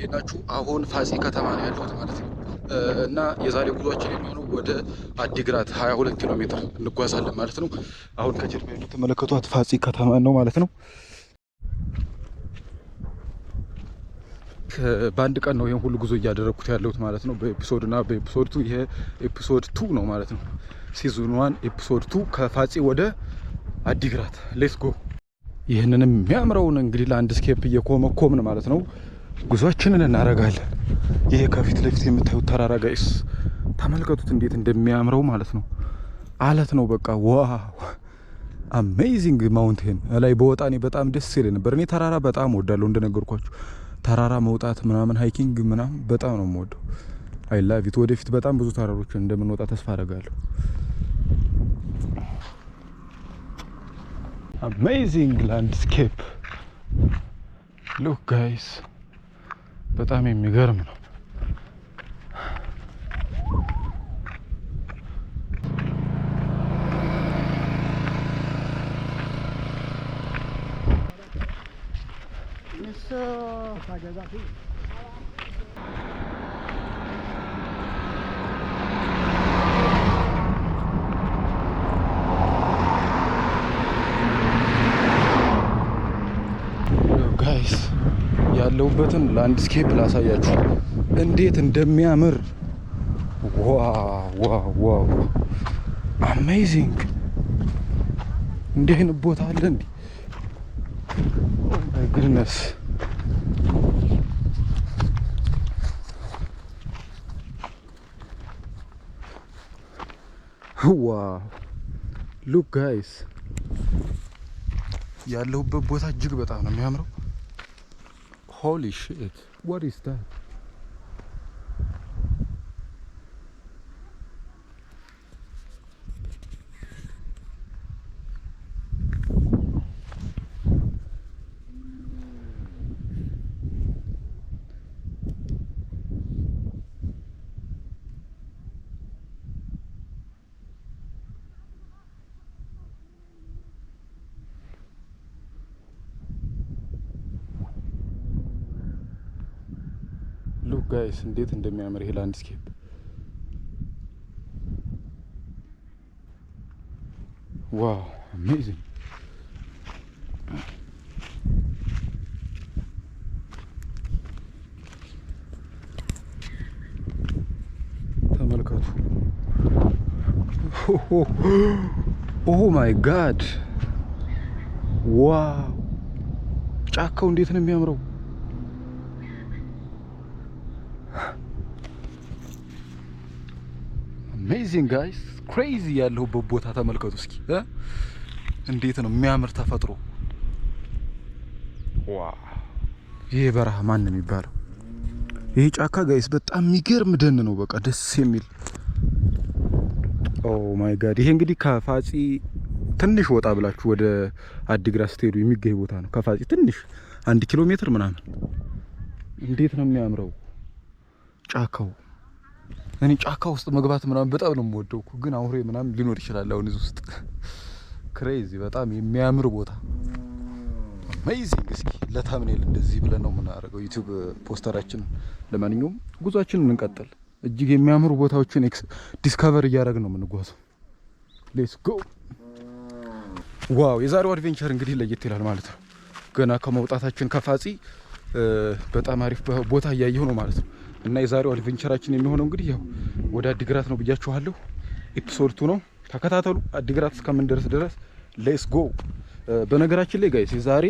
ሌላችሁ አሁን ፋሲል ከተማ ነው ያለሁት ማለት ነው። እና የዛሬ ጉዟችን የሚሆነው ወደ አዲግራት 22 ኪሎ ሜትር እንጓዛለን ማለት ነው። አሁን ከጀርባ የምትመለከቷት ፋሲል ከተማ ነው ማለት ነው። በአንድ ቀን ነው ይህን ሁሉ ጉዞ እያደረግኩት ያለሁት ማለት ነው። በኤፒሶድ እና በኤፒሶድ ቱ ይሄ ኤፒሶድ ቱ ነው ማለት ነው። ሲዝን ዋን ኤፒሶድ ቱ ከፋጺ ወደ አዲግራት ሌትስ ጎ። ይህንን የሚያምረውን እንግዲህ ለአንድ ስኬፕ እየኮመኮምን ማለት ነው ጉዟችንን እናደርጋለን። ይሄ ከፊት ለፊት የምታዩት ተራራ ጋይስ ተመልከቱት፣ እንዴት እንደሚያምረው ማለት ነው። አለት ነው በቃ ዋው አሜዚንግ ማውንቴን ላይ በወጣ እኔ በጣም ደስ ይል ነበር። እኔ ተራራ በጣም ወዳለሁ እንደነገርኳችሁ፣ ተራራ መውጣት ምናምን ሃይኪንግ ምናምን በጣም ነው የምወደው። አይ ላቭ ኢት። ወደፊት በጣም ብዙ ተራሮችን እንደምንወጣ ተስፋ አደርጋለሁ። አሜዚንግ ላንድስኬፕ ሉክ ጋይስ በጣም የሚገርም ነው። እነሱ ያለሁበትን ላንድስኬፕ ላሳያችሁ እንዴት እንደሚያምር ዋዋዋው አሜዚንግ እንዲህ አይነት ቦታ አለ እንዲ ግድነስ ዋ ሉክ ጋይስ ያለሁበት ቦታ እጅግ በጣም ነው የሚያምረው Holy shit. What is that? ጋይስ እንዴት እንደሚያምር ይሄ ላንድስኬፕ ዋው አሜዚንግ ተመልከቱ። ኦ ማይ ጋድ ዋው! ጫካው እንዴት ነው የሚያምረው! አሜዚንግ ጋይስ ክሬዚ ያለሁበት ቦታ ተመልከቱ እስኪ እንዴት ነው የሚያምር ተፈጥሮ። ዋ ይሄ በረሃ ማን ነው የሚባለው? ይሄ ጫካ ጋይስ በጣም የሚገርም ደን ነው። በቃ ደስ የሚል ኦ ማይ ጋድ። ይሄ እንግዲህ ከፋጺ ትንሽ ወጣ ብላችሁ ወደ አዲግራት ስትሄዱ የሚገኝ ቦታ ነው። ከፋጺ ትንሽ አንድ ኪሎ ሜትር ምናምን። እንዴት ነው የሚያምረው ጫካው እኔ ጫካ ውስጥ መግባት ምናምን በጣም ነው የምወደው እኮ ግን አውሬ ምናምን ሊኖር ይችላል። አሁን እዚህ ውስጥ ክሬዚ በጣም የሚያምር ቦታ አሜዚንግ። እስኪ ለታምኔል እንደዚህ ብለን ነው የምናደርገው ዩቲዩብ ፖስተራችንን። ለማንኛውም ጉዟችንን እንቀጥል። እጅግ የሚያምሩ ቦታዎችን ዲስከቨር እያደረግን ነው የምንጓዘው። ሌትስ ጎ። ዋው የዛሬው አድቬንቸር እንግዲህ ለየት ይላል ማለት ነው። ገና ከመውጣታችን ከፋጺ በጣም አሪፍ ቦታ እያየሁ ነው ማለት ነው። እና የዛሬው አድቬንቸራችን የሚሆነው እንግዲህ ያው ወደ አዲግራት ነው ብያችኋለሁ። ኤፒሶድቱ ነው ተከታተሉ። አዲግራት እስከምንደርስ ድረስ ሌስ ጎ። በነገራችን ላይ ጋይስ ዛሬ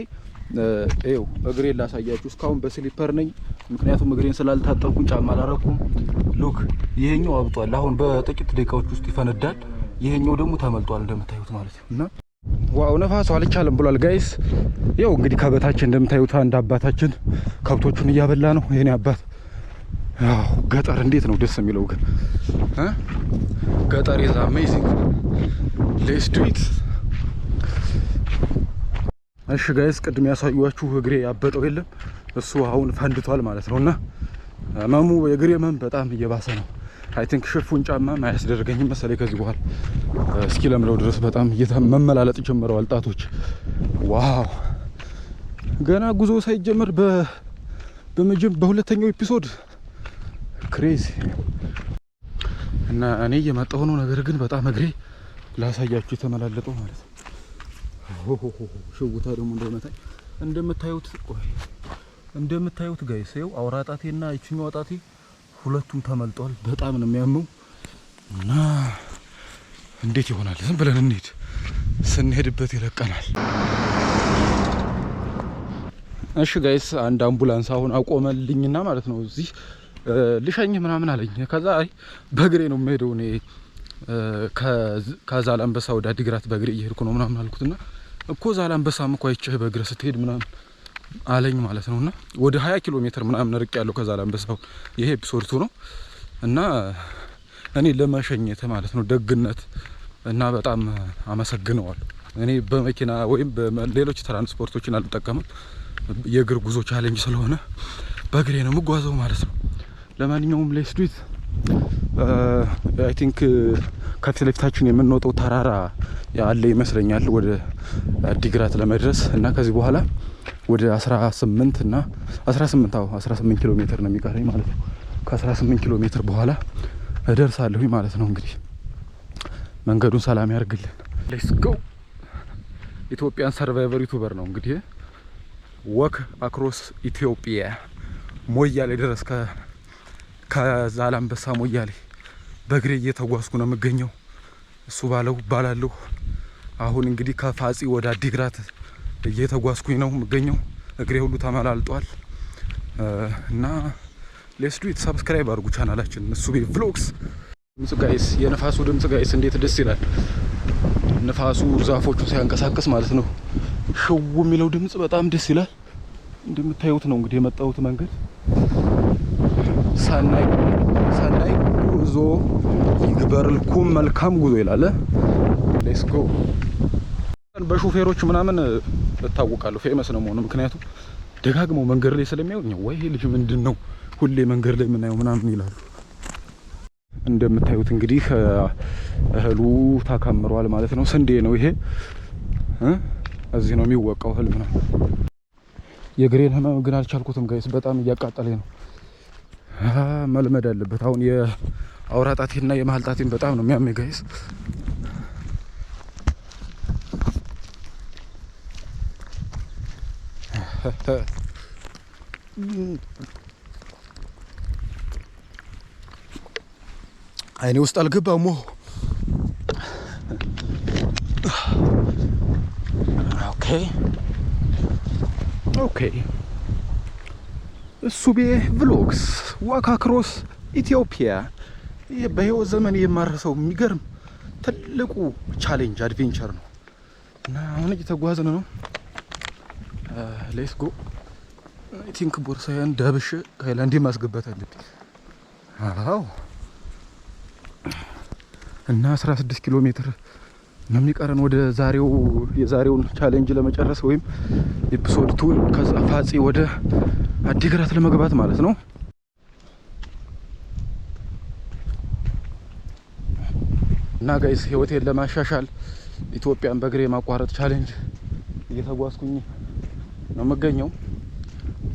ይኸው እግሬን ላሳያችሁ። እስካሁን በስሊፐር ነኝ፣ ምክንያቱም እግሬን ስላልታጠብኩኝ ጫማ አላረኩም። ሉክ ይሄኛው አብጧል። አሁን በጥቂት ደቂቃዎች ውስጥ ይፈነዳል። ይሄኛው ደግሞ ተመልጧል እንደምታዩት ማለት ነው እና ዋው ነፋሱ አልቻለም ብሏል ጋይስ። ያው እንግዲህ ከበታችን እንደምታዩት አንድ አባታችን ከብቶቹን እያበላ ነው። የኔ አባት ያው ገጠር እንዴት ነው ደስ የሚለው ግን ገጠር ኢዝ አሜዚንግ ሌስ ዱ ኢት። እሺ ጋይስ፣ ቅድም ያሳዩዋችሁ እግሬ ያበጠው የለም እሱ አሁን ፈንድቷል ማለት ነውና መሙ የእግሬ መም በጣም እየባሰ ነው። አይ ቲንክ ሽፉን ጫማ ማያስደርገኝም መሰለኝ ከዚህ በኋላ እስኪ ለምለው ድረስ በጣም መመላለጥ ጀምረዋል ጣቶች። ዋው ገና ጉዞ ሳይጀመር በሁለተኛው ኤፒሶድ ክሬዚ እና እኔ እየመጣሁ ነው። ነገር ግን በጣም እግሬ ላሳያችሁ የተመላለጠው ማለት ነው። ሽውታ ደግሞ እንደመታኝ እንደምታዩት ቆይ እንደምታዩት ጋይስ ይኸው አውራ ጣቴና ይችኛዋ ጣቴ ሁለቱም ተመልጧል። በጣም ነው የሚያመው እና እንዴት ይሆናል? ዝም ብለን እንሄድ። ስንሄድበት ይለቀናል። እሺ ጋይስ፣ አንድ አምቡላንስ አሁን አቆመልኝና ማለት ነው እዚህ ልሸኝህ ምናምን አለኝ። ከዛ አይ በእግሬ ነው የምሄደው እኔ ከዛላምበሳ ወደ አዲግራት በእግሬ እየሄድኩ ነው ምናምን አልኩትና እኮ ዛላምበሳም እኮ አይቼህ በእግረ ስትሄድ ምናምን አለኝ ማለት ነው እና ወደ 20 ኪሎ ሜትር ምናምን ርቅ ያለው ከዛ ላንበሳው ይሄ ኤፒሶድቱ ነው እና እኔ ለመሸኘት ማለት ነው ደግነት እና በጣም አመሰግነዋለሁ። እኔ በመኪና ወይም ሌሎች ትራንስፖርቶችን አልጠቀምም። የእግር ጉዞ ቻሌንጅ ስለሆነ በእግሬ ነው የምጓዘው ማለት ነው። ለማንኛውም ሌስዱት አይ ቲንክ ከፊት ለፊታችን የምንወጣው ተራራ ያለ ይመስለኛል ወደ አዲግራት ለመድረስ እና ከዚህ በኋላ ወደ 18 እና 18 አዎ 18 ኪሎ ሜትር ነው የሚቀረኝ ማለት ነው። ከ18 ኪሎ ሜትር በኋላ እደርሳለሁኝ ማለት ነው። እንግዲህ መንገዱን ሰላም ያርግልን። ሌትስ ጎ ኢትዮጵያን ሰርቫይቨር ዩቱበር ነው እንግዲህ ወክ አክሮስ ኢትዮጵያ ሞያሌ ድረስ ከዛላምበሳ ሞያሌ በእግሬ እየተጓዝኩ ነው የምገኘው። እሱ ባለው ባላለሁ አሁን እንግዲህ ከፋጺ ወደ አዲግራት እየተጓዝኩኝ ነው የምገኘው። እግሬ ሁሉ ተመላልጧል እና ሌትስ ዱ ኢት ሰብስክራይብ አድርጉ ቻናላችን እሱ ቤ ቭሎግስ። ድምጽ ጋይስ፣ የነፋሱ ድምጽ ጋይስ፣ እንዴት ደስ ይላል! ነፋሱ ዛፎቹ ሲያንቀሳቀስ ማለት ነው። ሽው የሚለው ድምጽ በጣም ደስ ይላል። እንደምታዩት ነው እንግዲህ የመጣሁት መንገድ ሰናይ ሰናይ ጉዞ ይግበርልኩም መልካም ጉዞ ይላል። ሌስ ጎ በሹፌሮች ምናምን እታወቃለሁ። ፌመስ ነው መሆኑ ምክንያቱም ደጋግመው መንገድ ላይ ስለሚያዩኝ ወይ ይሄ ልጅ ምንድን ነው ሁሌ መንገድ ላይ የምናየው ምናምን ይላሉ። እንደምታዩት እንግዲህ እህሉ ታካምሯል ማለት ነው። ስንዴ ነው ይሄ። እዚህ ነው የሚወቃው። ህልም ነው። የግሬን ህመም ግን አልቻልኩትም ጋይስ፣ በጣም እያቃጠለኝ ነው። መልመድ አለበት። አሁን የአውራ ጣቴና የመሀል ጣቴን በጣም ነው የሚያመኝ ጋይስ። አይኔ ውስጥ አልገባ ኦኬ ኦኬ። እሱቤ ቭሎግስ ዋካ ክሮስ ኢትዮጵያ። በህይወት ዘመን የማረሰው የሚገርም ትልቁ ቻሌንጅ አድቬንቸር ነው እና አሁን እየተጓዝን ነው። ሌስ ጎ አይ ቲንክ ቦርሳዬን ዳብሽ ሃይላንዴ ማስገባት አለብኝ። አዎ እና 16 ኪሎ ሜትር ነው የሚቀረን ወደ ዛሬው የዛሬውን ቻሌንጅ ለመጨረስ ወይም ኤፒሶድ 2 ከዛ ፋጺ ወደ አዲግራት ለመግባት ማለት ነው። እና ጋይስ ህይወቴን ለማሻሻል ኢትዮጵያን በእግሬ ማቋረጥ ቻሌንጅ እየተጓዝኩኝ ነው የምገኘው።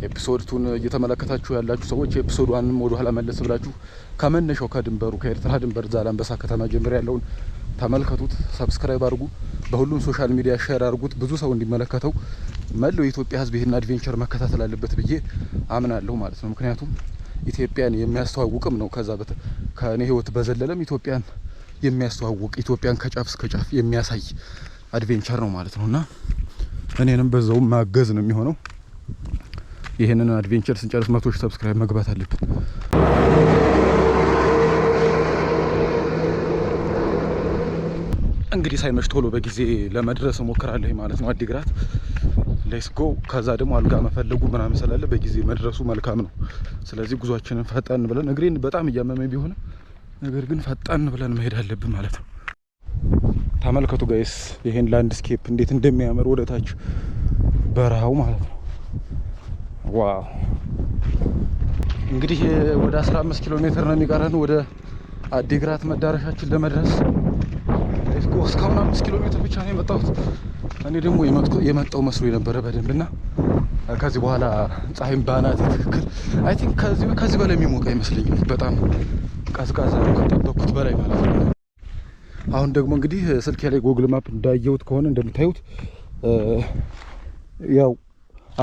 ኤፒሶድ ቱን እየተመለከታችሁ ያላችሁ ሰዎች ኤፒሶድ ዋንም ወደ ኋላ መለስ ብላችሁ ከመነሻው ከድንበሩ ከኤርትራ ድንበር ዛላንበሳ ከተማ ጀምር ያለውን ተመልከቱት። ሰብስክራይብ አድርጉ። በሁሉም ሶሻል ሚዲያ ሼር አድርጉት፣ ብዙ ሰው እንዲመለከተው። መለው የኢትዮጵያ ሕዝብ ይህን አድቬንቸር መከታተል አለበት ብዬ አምናለሁ ማለት ነው። ምክንያቱም ኢትዮጵያን የሚያስተዋውቅም ነው። ከዛ ከኔ ህይወት በዘለለም ኢትዮጵያን የሚያስተዋውቅ ኢትዮጵያን ከጫፍ እስከ ጫፍ የሚያሳይ አድቬንቸር ነው ማለት ነውና እኔንም በዛው ማገዝ ነው የሚሆነው። ይህንን አድቬንቸር ስንጨርስ መቶ ሺህ ሰብስክራይብ መግባት አለብን። እንግዲህ ሳይመሽ ቶሎ በጊዜ ለመድረስ እሞክራለሁ ማለት ነው አዲግራት ጎ። ከዛ ደግሞ አልጋ መፈለጉ ምናምን ስላለ በጊዜ መድረሱ መልካም ነው። ስለዚህ ጉዟችንን ፈጠን ብለን እግሬን በጣም እያመመኝ ቢሆንም ነገር ግን ፈጠን ብለን መሄድ አለብን ማለት ነው። ተመልከቱ ጋይስ ይሄን ላንድስኬፕ እንዴት እንደሚያምር ወደታች በረሃው ማለት ነው። ዋው እንግዲህ ወደ 15 ኪሎ ሜትር ነው የሚቀረን ወደ አዲግራት መዳረሻችን ለመድረስ። እስካሁን አምስት ኪሎ ሜትር ብቻ ነው የመጣሁት። እኔ ደግሞ የመጣው መስሎ የነበረ በደንብ እና ከዚህ በኋላ ፀሐይም ባናት ትክክል አይ ቲንክ ከዚህ በላይ የሚሞቅ አይመስለኝም። በጣም ቀዝቃዛ ነው ከጠበቅኩት በላይ ማለት ነው። አሁን ደግሞ እንግዲህ ስልክ ላይ ጎግል ማፕ እንዳየሁት ከሆነ እንደምታዩት ያው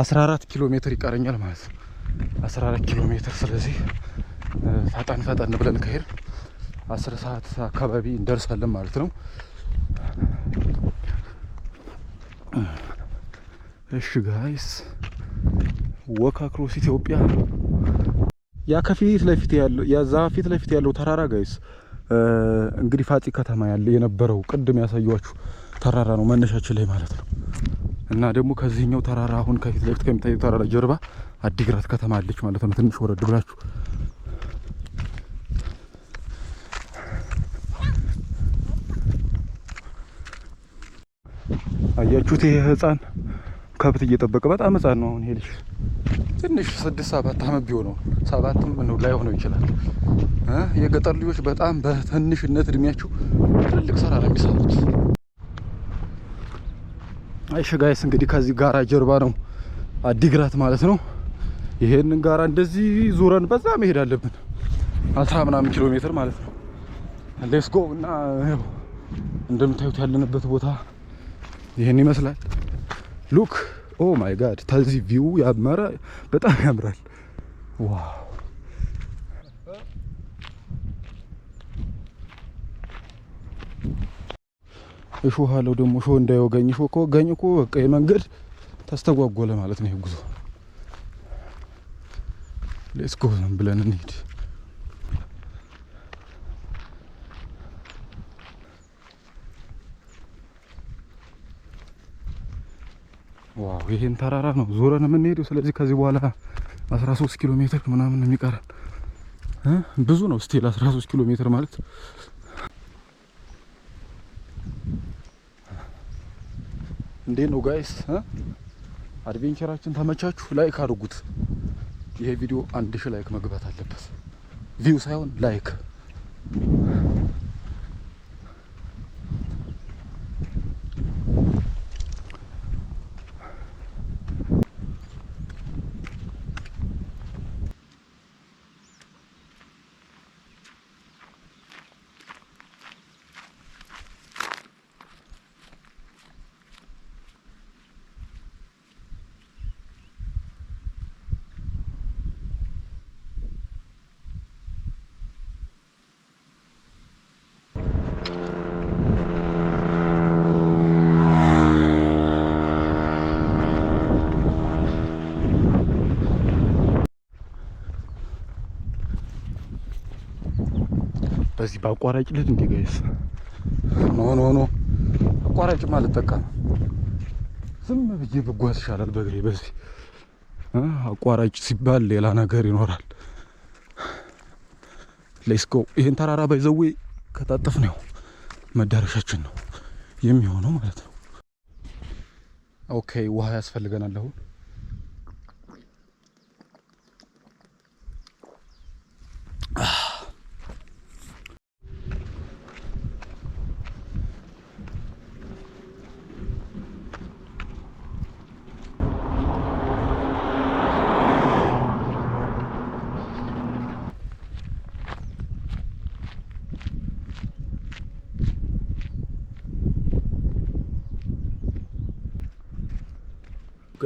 14 ኪሎ ሜትር ይቀረኛል ማለት ነው። 14 ኪሎ ሜትር ስለዚህ ፈጠን ፈጠን ብለን ከሄድ 10 ሰዓት አካባቢ እንደርሳለን ማለት ነው። እሺ ጋይስ ወክ አክሮስ ኢትዮጵያ ያ ከፊት ለፊት ያለው ያዛ ፊት ለፊት ያለው ተራራ ጋይስ እንግዲህ ፋጺ ከተማ ያለ የነበረው ቅድም ያሳየኋችሁ ተራራ ነው መነሻችን ላይ ማለት ነው። እና ደግሞ ከዚህኛው ተራራ አሁን ከፊት ለፊት ከሚታየው ተራራ ጀርባ አዲግራት ከተማ አለች ማለት ነው። ትንሽ ወረድ ብላችሁ አያችሁት ይሄ ህፃን ከብት እየጠበቀ በጣም ህጻን ነው። አሁን ይሄ ልጅ ትንሽ ስድስት ሰባት አመት ቢሆነው ሰባትም ነው ላይ ሆኖ ይችላል። የገጠር ልጆች በጣም በትንሽነት እድሜያቸው ትልቅ ስራ ነው የሚሰሩት። እሺ ጋይስ እንግዲህ ከዚህ ጋራ ጀርባ ነው አዲግራት ማለት ነው። ይሄንን ጋራ እንደዚህ ዙረን በዛ መሄድ አለብን። አስራ ምናምን ኪሎ ሜትር ማለት ነው። ጎ እና እንደምታዩት ያለንበት ቦታ ይሄን ይመስላል። ሉክ ኦ ማይ ጋድ ታዚህ ቪው ያመረ በጣም ያምራል። ዋው እሾህ አለው ደግሞ እሾህ እንዳይወጋኝ። እሾህ ከወጋኝ እኮ በቃ የመንገድ ተስተጓጎለ ማለት ነው ይህ ጉዞ። ሌትስ ጎ ብለን እንሂድ። ዋው ይሄን ተራራ ነው ዞረን የምንሄደው። ስለዚህ ከዚህ በኋላ 13 ኪሎ ሜትር ምናምን የሚቀረን ብዙ ነው። ስቲል 13 ኪሎ ሜትር ማለት እንዴት ነው ጋይስ? አድቬንቸራችን ተመቻችሁ? ላይክ አድርጉት። ይሄ ቪዲዮ አንድ ሺህ ላይክ መግባት አለበት። ቪው ሳይሆን ላይክ በዚህ በአቋራጭ ልት እንዴ ጋይስ ኖ ኖ ኖ አቋራጭ ማለት ጠቃም ዝም ብዬ ብጓዝ ይሻላል በእግሬ በዚህ አቋራጭ ሲባል ሌላ ነገር ይኖራል ሌስኮ ይህን ተራራ ባይዘዌ ከታጠፍ ነው መዳረሻችን ነው የሚሆነው ማለት ነው ኦኬ ውሃ ያስፈልገናል አሁን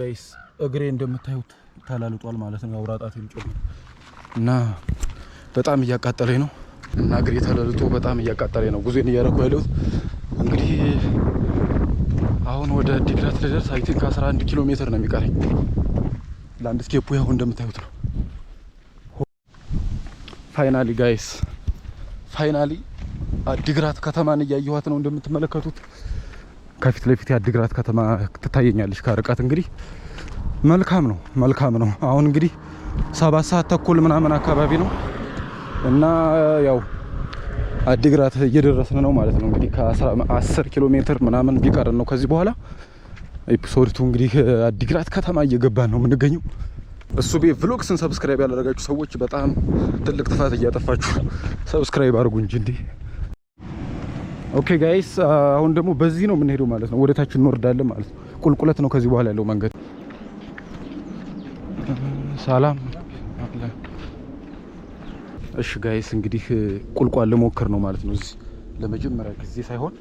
ጋይስ እግሬ እንደምታዩት ተላልጧል ማለት ነው። አውራ ጣቴም እና በጣም እያቃጠለኝ ነው እና እግሬ ተላልጦ በጣም እያቃጠለኝ ነው። ጉዞን እያደረኩ ያለሁት እንግዲህ አሁን ወደ ዲግራት ልደርስ አይ ቲንክ 11 ኪሎ ሜትር ነው የሚቀረኝ። ላንድስኬፑ ያው እንደምታዩት ነው። ፋይናሊ ጋይስ ፋይናሊ አዲግራት ከተማን እያየኋት ነው እንደምትመለከቱት ከፊት ለፊት የአዲግራት ከተማ ትታየኛለች ከርቀት እንግዲህ መልካም ነው መልካም ነው። አሁን እንግዲህ ሰባት ሰዓት ተኩል ምናምን አካባቢ ነው እና ያው አዲግራት እየደረስን ነው ማለት ነው እንግዲህ ከ10 ኪሎ ሜትር ምናምን ቢቀረን ነው ከዚህ በኋላ ኤፒሶድቱ እንግዲህ አዲግራት ከተማ እየገባን ነው የምንገኘው። እሱ ቤ ቭሎግስን ሰብስክራይብ ያላደረጋችሁ ሰዎች በጣም ትልቅ ጥፋት እያጠፋችሁ ሰብስክራይብ አድርጉ እንጂ እንዲህ ኦኬ ጋይስ አሁን ደግሞ በዚህ ነው የምንሄደው ማለት ነው። ወደ ታች እንወርዳለን ማለት ነው። ቁልቁለት ነው ከዚህ በኋላ ያለው መንገድ። ሰላም። እሺ ጋይስ እንግዲህ ቁልቋል ልሞክር ነው ማለት ነው። እዚህ ለመጀመሪያ ጊዜ ሳይሆን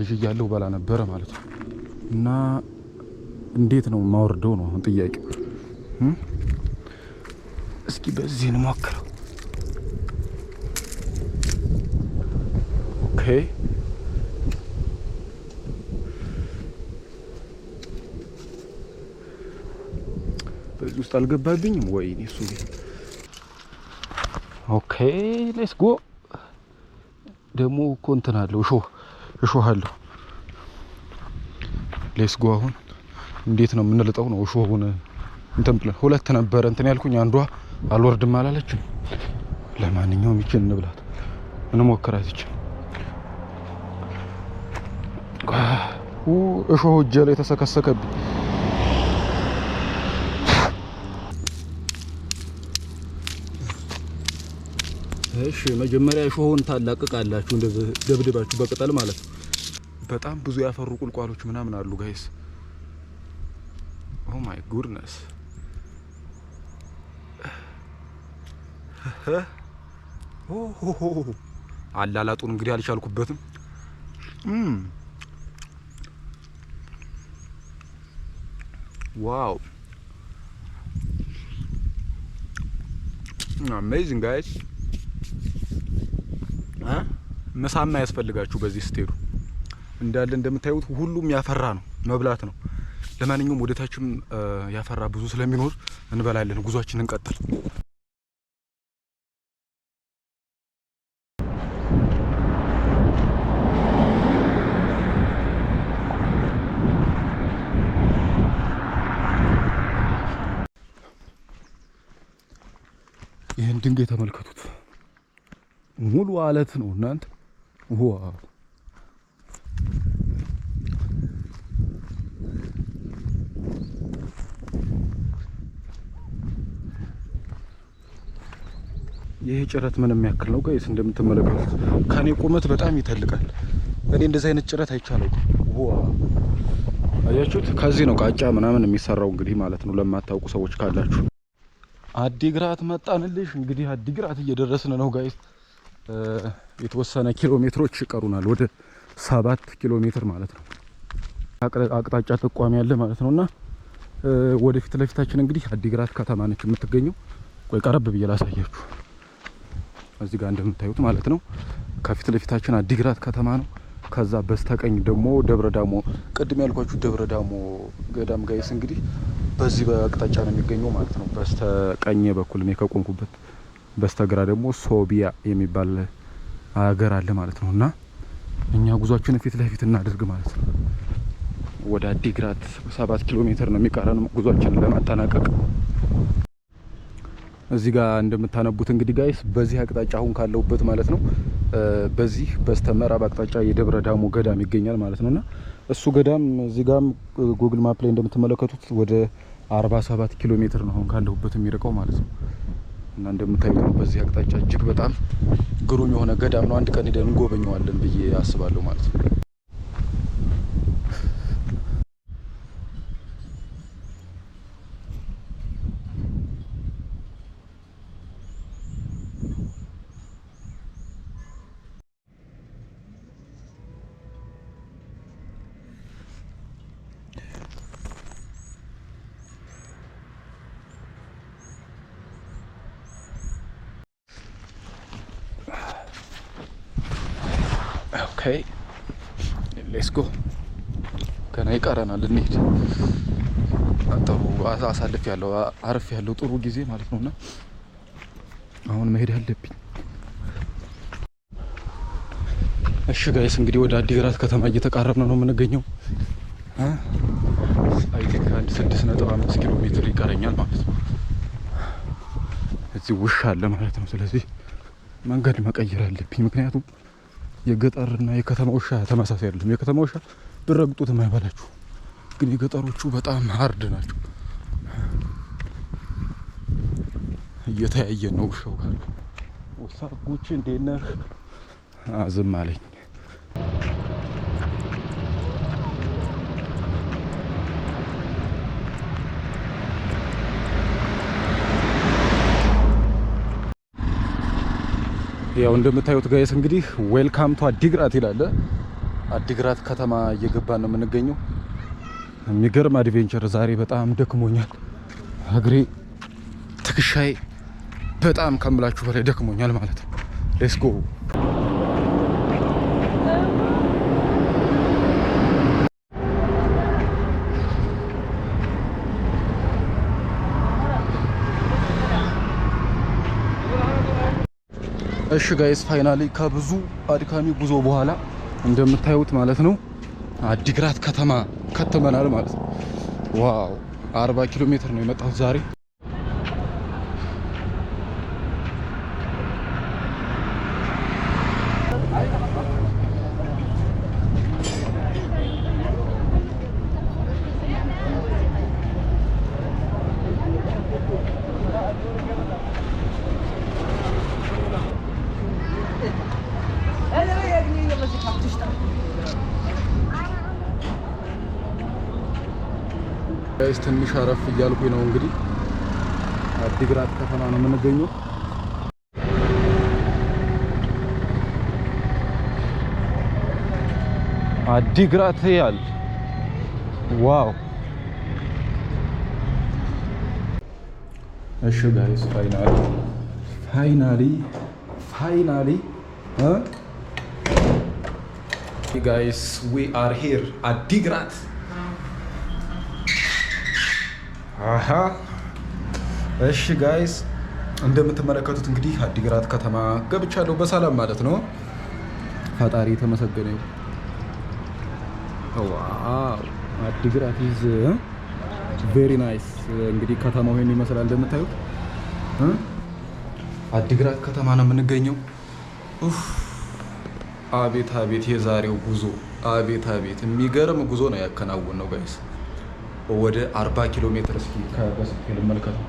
ልጅ እያለሁ በላ ነበረ ማለት ነው። እና እንዴት ነው የማወርደው ነው ጥያቄ። እስኪ በዚህ እንሞክረው Okay. በዚህ ውስጥ አልገባብኝም ወይ እሱ ቤት። ኦኬ ሌስ ጎ። ደግሞ እኮ እንትን አለው እሾህ እሾህ አለው። ሌስ ጎ። አሁን እንዴት ነው የምንልጠው? ነው እሾሁን እንትን ብለን ሁለት ነበረ እንትን ያልኩኝ አንዷ አልወርድም አላለችም። ለማንኛውም ይችን እንብላት እንሞክራት ይችን እሾህ እጄ ላይ ተሰከሰከብኝ። እሺ መጀመሪያ እሾሁን ታላቅቃላችሁ፣ እንደዚህ ደብድባችሁ በቅጠል ማለት ነው። በጣም ብዙ ያፈሩ ቁልቋሎች ምናምን አሉ ጋይስ። ኦ ማይ ጉድነስ አላላጡን እንግዲህ አልቻልኩበትም። wow አሜዚንግ ጋይስ ምሳማ ያስፈልጋችሁ በዚህ ስትሄዱ እንዳለ እንደምታዩት ሁሉም ያፈራ ነው መብላት ነው ለማንኛውም ወደታችም ያፈራ ብዙ ስለሚኖር እንበላለን ጉዟችን እንቀጥል ድንጋይ ተመልከቱት። ሙሉ አለት ነው እናንተ። ዋው ይሄ ጭረት ምን የሚያክል ነው ጋይስ? እንደምትመለከቱት ከኔ ቁመት በጣም ይተልቃል። እኔ እንደዚህ አይነት ጭረት አይቻለሁ። ዋ አያችሁት? ከዚህ ነው ቃጫ ምናምን የሚሰራው እንግዲህ ማለት ነው ለማታውቁ ሰዎች ካላችሁ አዲግራት መጣንልሽ። እንግዲህ አዲግራት እየደረስን ነው ጋይስ። የተወሰነ ኪሎ ሜትሮች ይቀሩናል። ወደ ሰባት ኪሎ ሜትር ማለት ነው። አቅጣጫ ጠቋሚ ያለ ማለት ነውና ወደፊት ለፊታችን እንግዲህ አዲግራት ከተማ ነች የምትገኘው። ቆይ ቀረብ ብዬ ላሳያችሁ። እዚህ ጋር እንደምታዩት ማለት ነው ከፊት ለፊታችን አዲግራት ከተማ ነው። ከዛ በስተቀኝ ደግሞ ደብረ ዳሞ ቅድም ያልኳችሁ ደብረ ዳሞ ገዳም ጋይስ እንግዲህ በዚህ በአቅጣጫ ነው የሚገኘው ማለት ነው። በስተቀኝ በኩል እኔ ከቆምኩበት በስተግራ ደግሞ ሶቢያ የሚባል ሀገር አለ ማለት ነው። እና እኛ ጉዟችን ፊት ለፊት እናደርግ ማለት ነው። ወደ አዲግራት ሰባት ኪሎ ሜትር ነው የሚቀረን ጉዟችን ለማጠናቀቅ። እዚህ ጋር እንደምታነቡት እንግዲህ ጋይስ በዚህ አቅጣጫ አሁን ካለሁበት ማለት ነው በዚህ በስተ ምዕራብ አቅጣጫ የደብረ ዳሞ ገዳም ይገኛል ማለት ነው እሱ ገዳም እዚህ ጋም ጉግል ማፕ ላይ እንደምትመለከቱት ወደ 47 ኪሎ ሜትር ነው አሁን ካለሁበት የሚርቀው ማለት ነው እና እንደምታዩት ነው በዚህ አቅጣጫ እጅግ በጣም ግሩም የሆነ ገዳም ነው። አንድ ቀን ሄደን እንጎበኘዋለን ብዬ አስባለሁ ማለት ነው። ኦኬ ሌትስ ጎ። ገና ይቀረናል እንሂድ። ጥሩ አሳልፍ ያለው አርፍ ያለው ጥሩ ጊዜ ማለት ነውና አሁን መሄድ አለብኝ። እሺ ጋይስ እንግዲህ ወደ አዲግራት ከተማ እየተቃረብን ነው የምንገኘው። አይ ቲንክ አንድ ስድስት ነጥብ አምስት ኪሎ ሜትር ይቀረኛል ማለት ነው። እዚህ ውሻ አለ ማለት ነው። ስለዚህ መንገድ መቀየር አለብኝ ምክንያቱም የገጠርና የከተማ ውሻ ተመሳሳይ አይደለም። የከተማ ውሻ ብረግጡትም አይበላችሁ፣ ግን የገጠሮቹ በጣም ሀርድ ናቸው። እየተያየ ነው ውሻው ጋር ውሳ ጉቺ እንዴት ነህ? ዝም አለኝ። ያው እንደምታዩት ጋይስ እንግዲህ ዌልካም ቱ አዲግራት ይላል። አዲግራት ከተማ እየገባን ነው የምንገኘው። የሚገርም አድቬንቸር። ዛሬ በጣም ደክሞኛል። እግሬ ትክሻይ በጣም ከምላችሁ በላይ ደክሞኛል ማለት ነው። ሌትስ ጎ እሺ ጋይስ ፋይናሊ ከብዙ አድካሚ ጉዞ በኋላ እንደምታዩት ማለት ነው አዲግራት ከተማ ከትመናል ማለት ነው። ዋው 40 ኪሎ ሜትር ነው የመጣሁት ዛሬ። ጋይስ ትንሽ አረፍ እያልኩኝ ነው። እንግዲህ አዲግራት ከተማ ነው የምንገኘው። አዲግራት ያል ዋው! እሺ ጋይስ ፋይናሊ ፋይናሊ ፋይናሊ ጋይስ ዊ አር ሂር አዲግራት አሀ እሺ ጋይስ እንደምትመለከቱት እንግዲህ አዲግራት ከተማ ገብቻለሁ በሰላም ማለት ነው። ፈጣሪ የተመሰገነ ዋው አዲግራት ኢዝ ቬሪ ናይስ። እንግዲህ ከተማው ይሄን ይመስላል እንደምታዩት አዲግራት ከተማ ነው የምንገኘው። አቤት አቤት የዛሬው ጉዞ አቤት አቤት የሚገርም ጉዞ ነው ያከናወን ነው ጋይስ ወደ 40 ኪሎ ሜትር እስኪ ከበስልኬ ልመልከተው።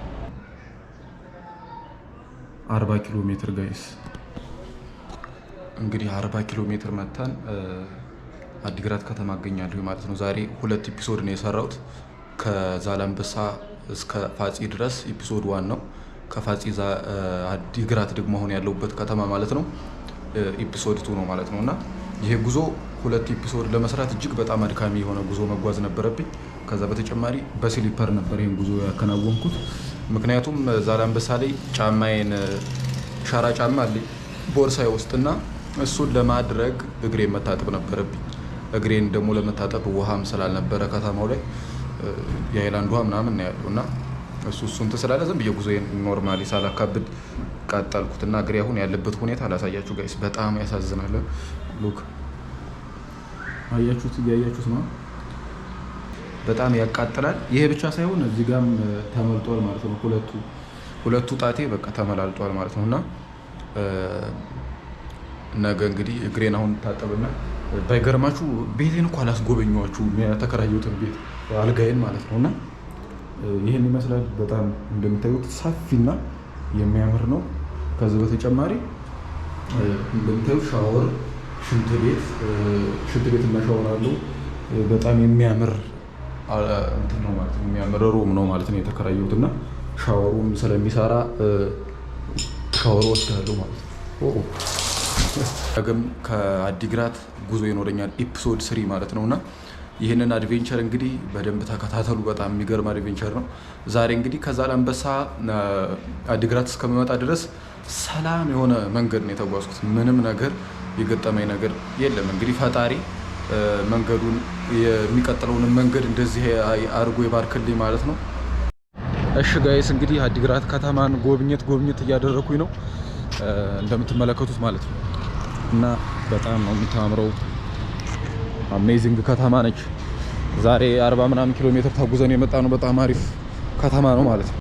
40 ኪሎ ሜትር ጋይስ፣ እንግዲህ 40 ኪሎ ሜትር መታን አዲግራት ከተማ አገኛለሁ ማለት ነው። ዛሬ ሁለት ኤፒሶድ ነው የሰራሁት። ከዛላምበሳ እስከ ፋጺ ድረስ ኤፒሶድ ዋን ነው። ከፋጺ አዲግራት ደግሞ አሁን ያለሁበት ከተማ ማለት ነው ኤፒሶድ ቱ ነው ማለት ነው። እና ይሄ ጉዞ ሁለት ኤፒሶድ ለመስራት እጅግ በጣም አድካሚ የሆነ ጉዞ መጓዝ ነበረብኝ። ከዛ በተጨማሪ በስሊፐር ነበር ይህን ጉዞ ያከናወንኩት። ምክንያቱም ዛላንበሳ ላይ ጫማዬን ሻራ ጫማ አለኝ ቦርሳዬ ውስጥና እሱን ለማድረግ እግሬን መታጠብ ነበረብኝ። እግሬን ደግሞ ለመታጠብ ውሃም ስላልነበረ ከተማው ላይ የሀይላንድ ውሃ ምናምን ነው ያለው እና እሱ እሱን ትስላለ ዝም ብዬ ጉዞዬን ኖርማሊ ሳላካብድ ቀጠልኩት እና እግሬ አሁን ያለበት ሁኔታ አላሳያችሁ ጋይስ፣ በጣም ያሳዝናል። ሉክ አያችሁት፣ እያያችሁት ነው በጣም ያቃጥላል። ይሄ ብቻ ሳይሆን እዚህ ጋም ተመልጧል ማለት ነው። ሁለቱ ሁለቱ ጣቴ በቃ ተመላልጧል ማለት ነው እና ነገ እንግዲህ እግሬን አሁን ታጠብና ባይገርማችሁ ቤቴን እኳ አላስጎበኘኋችሁ የተከራየሁትን ቤት አልጋዬን ማለት ነው እና ይህን ይመስላል። በጣም እንደምታዩት ሰፊና የሚያምር ነው። ከዚህ በተጨማሪ እንደምታዩት ሻወር፣ ሽንት ቤት ሽንት ቤትና ሻወር አለው። በጣም የሚያምር ምርሩም ነው ማለት ነው የተከራየሁት እና ሻወሩም ስለሚሰራ ሻወሩ ወስዳለሁ ማለት ነው። ከአዲግራት ጉዞ ወደኛ ኤፒሶድ ስሪ ማለት ነው እና ይህንን አድቬንቸር እንግዲህ በደንብ ተከታተሉ። በጣም የሚገርም አድቬንቸር ነው። ዛሬ እንግዲህ ከዛ ላንበሳ አዲግራት እስከምመጣ ድረስ ሰላም የሆነ መንገድ ነው የተጓዝኩት። ምንም ነገር የገጠመኝ ነገር የለም። እንግዲህ ፈጣሪ መንገዱን የሚቀጥለውን መንገድ እንደዚህ አድርጎ ይባርክልኝ ማለት ነው። እሺ ጋይስ እንግዲህ አዲግራት ከተማን ጎብኘት ጎብኘት እያደረኩኝ ነው እንደምትመለከቱት ማለት ነው። እና በጣም ነው የምታምረው አሜዚንግ ከተማ ነች። ዛሬ 40 ምናምን ኪሎ ሜትር ተጉዘን የመጣ ነው። በጣም አሪፍ ከተማ ነው ማለት ነው።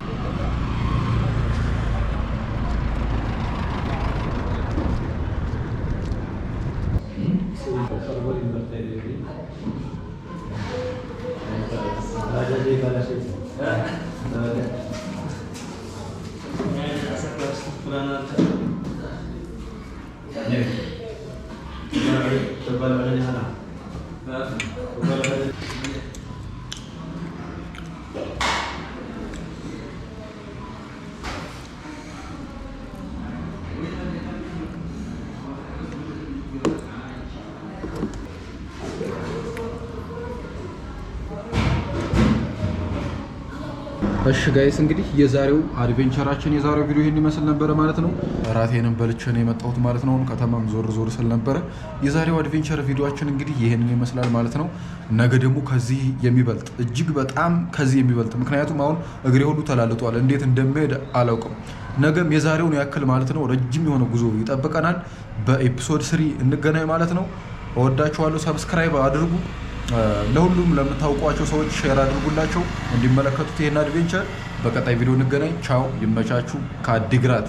እሺ ጋይስ እንግዲህ የዛሬው አድቬንቸራችን የዛሬው ቪዲዮ ይህን ይመስል ነበረ ማለት ነው። ራቴንም በልቼ ነው የመጣሁት ማለት ነው። ከተማም ዞር ዞር ስል ነበረ። የዛሬው አድቬንቸር ቪዲዮችን እንግዲህ ይህንን ይመስላል ማለት ነው። ነገ ደግሞ ከዚህ የሚበልጥ እጅግ በጣም ከዚህ የሚበልጥ ምክንያቱም አሁን እግሬ ሁሉ ተላልጧል፣ እንዴት እንደሚሄድ አላውቅም። ነገም የዛሬውን ያክል ማለት ነው ረጅም የሆነ ጉዞ ይጠብቀናል። በኤፒሶድ ስሪ እንገናኝ ማለት ነው። እወዳችኋለሁ። ሰብስክራይብ አድርጉ። ለሁሉም ለምታውቋቸው ሰዎች ሼር አድርጉላቸው እንዲመለከቱት ይህን አድቬንቸር። በቀጣይ ቪዲዮ እንገናኝ። ቻው፣ ይመቻችሁ። ከአዲግራት